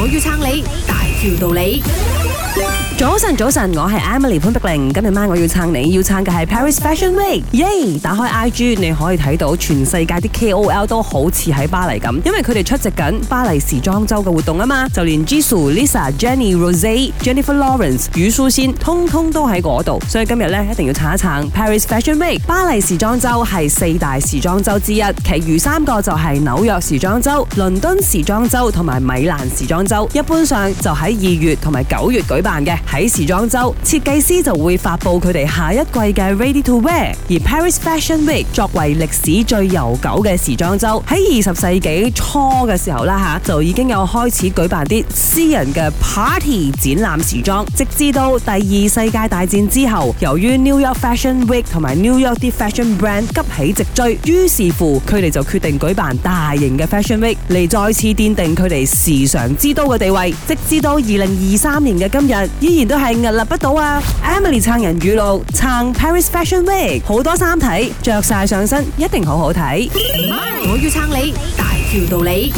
我要撐你，大條道理。早晨，早晨，我係 Emily 潘碧玲，今日晚我要撐你，要撐嘅係 Paris Fashion Week，耶！打開 IG，你可以睇到全世界啲 KOL 都好似喺巴黎咁，因為佢哋出席緊巴黎時裝周嘅活動啊嘛，就連 Jisoo、Lisa、Jenny、Rose、Jennifer Lawrence、虞書欣通通都喺嗰度，所以今日咧一定要撐一撐 Paris Fashion Week。巴黎時裝周係四大時裝周之一，其餘三個就係紐約時裝周、倫敦時裝周同埋米蘭時裝周，一般上就喺二月同埋九月舉辦嘅。喺時裝周，設計師就會發布佢哋下一季嘅 ready to wear。而 Paris Fashion Week 作為歷史最悠久嘅時裝周，喺二十世紀初嘅時候啦吓、啊，就已經有開始舉辦啲私人嘅 party 展覽時裝，直至到第二世界大戰之後，由於 New York Fashion Week 同埋 New York 啲 fashion brand 急起直追，於是乎佢哋就決定舉辦大型嘅 Fashion Week，嚟再次奠定佢哋時尚之都嘅地位，直至到二零二三年嘅今日既然都係屹立不倒啊！Emily 撐人語錄，撐 Paris Fashion Week，好多衫睇，着晒上身一定好好睇。我要撐你，大條道理。